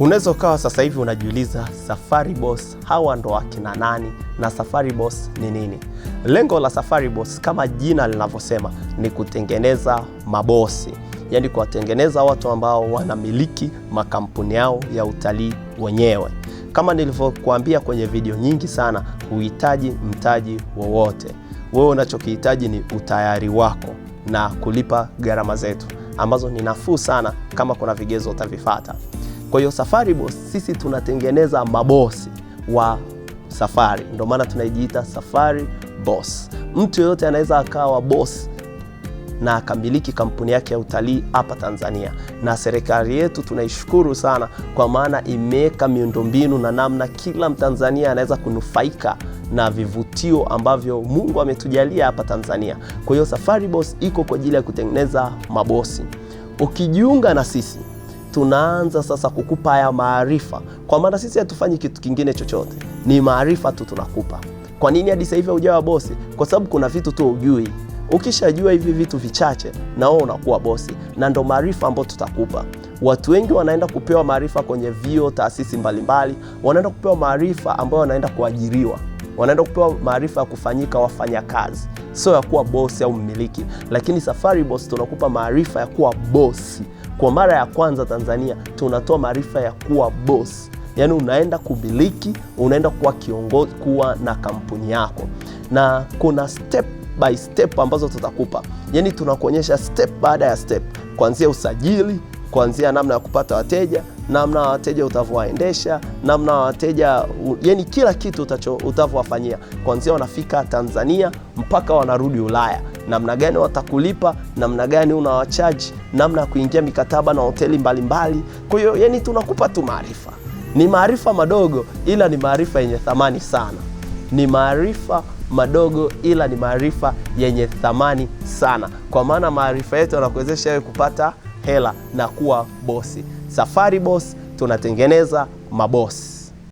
Unaweza ukawa sasa hivi unajiuliza Safari Boss hawa ndo akina nani na Safari Boss ni nini? Lengo la Safari Boss kama jina linavyosema ni kutengeneza mabosi, yaani kuwatengeneza watu ambao wanamiliki makampuni yao ya utalii wenyewe. Kama nilivyokuambia kwenye video nyingi sana, huhitaji mtaji wowote. Wewe unachokihitaji ni utayari wako na kulipa gharama zetu ambazo ni nafuu sana, kama kuna vigezo utavifata. Kwa hiyo Safari Boss sisi tunatengeneza mabosi wa safari, ndio maana tunajiita Safari Boss. Mtu yeyote anaweza akawa boss na akamiliki kampuni yake ya utalii hapa Tanzania, na serikali yetu tunaishukuru sana, kwa maana imeweka miundombinu na namna kila Mtanzania anaweza kunufaika na vivutio ambavyo Mungu ametujalia hapa Tanzania. Kwa hiyo Safari Boss iko kwa ajili ya kutengeneza mabosi. Ukijiunga na sisi tunaanza sasa kukupa haya maarifa, kwa maana sisi hatufanyi kitu kingine chochote, ni maarifa tu tunakupa. Kwa nini hadi sasa hivi hujawa bosi? Kwa sababu kuna vitu tu hujui. Ukishajua hivi vitu vichache, na wewe unakuwa bosi, na ndo maarifa ambayo tutakupa. Watu wengi wanaenda kupewa maarifa kwenye vio, taasisi mbalimbali, wanaenda kupewa maarifa ambayo wanaenda kuajiriwa wanaenda kupewa maarifa ya kufanyika wafanyakazi, sio ya kuwa bosi au mmiliki. Lakini Safari Boss tunakupa maarifa ya kuwa bosi. Kwa mara ya kwanza Tanzania tunatoa maarifa ya kuwa boss, yaani unaenda kumiliki, unaenda kuwa kiongozi, kuwa na kampuni yako, na kuna step by step ambazo tutakupa, yaani tunakuonyesha step baada ya step, kuanzia usajili, kuanzia namna ya kupata wateja namna wateja utavyowaendesha, namna wateja yani kila kitu utavyowafanyia, kuanzia wanafika Tanzania mpaka wanarudi Ulaya, namna gani watakulipa, namna gani unawachaji, namna ya kuingia mikataba na hoteli mbalimbali. Kwa hiyo yani tunakupa tu maarifa, ni maarifa madogo ila ni maarifa yenye thamani sana, ni maarifa madogo ila ni maarifa yenye thamani sana, kwa maana maarifa yetu yanakuwezesha wewe kupata hela na kuwa bosi. Safari Boss tunatengeneza mabosi.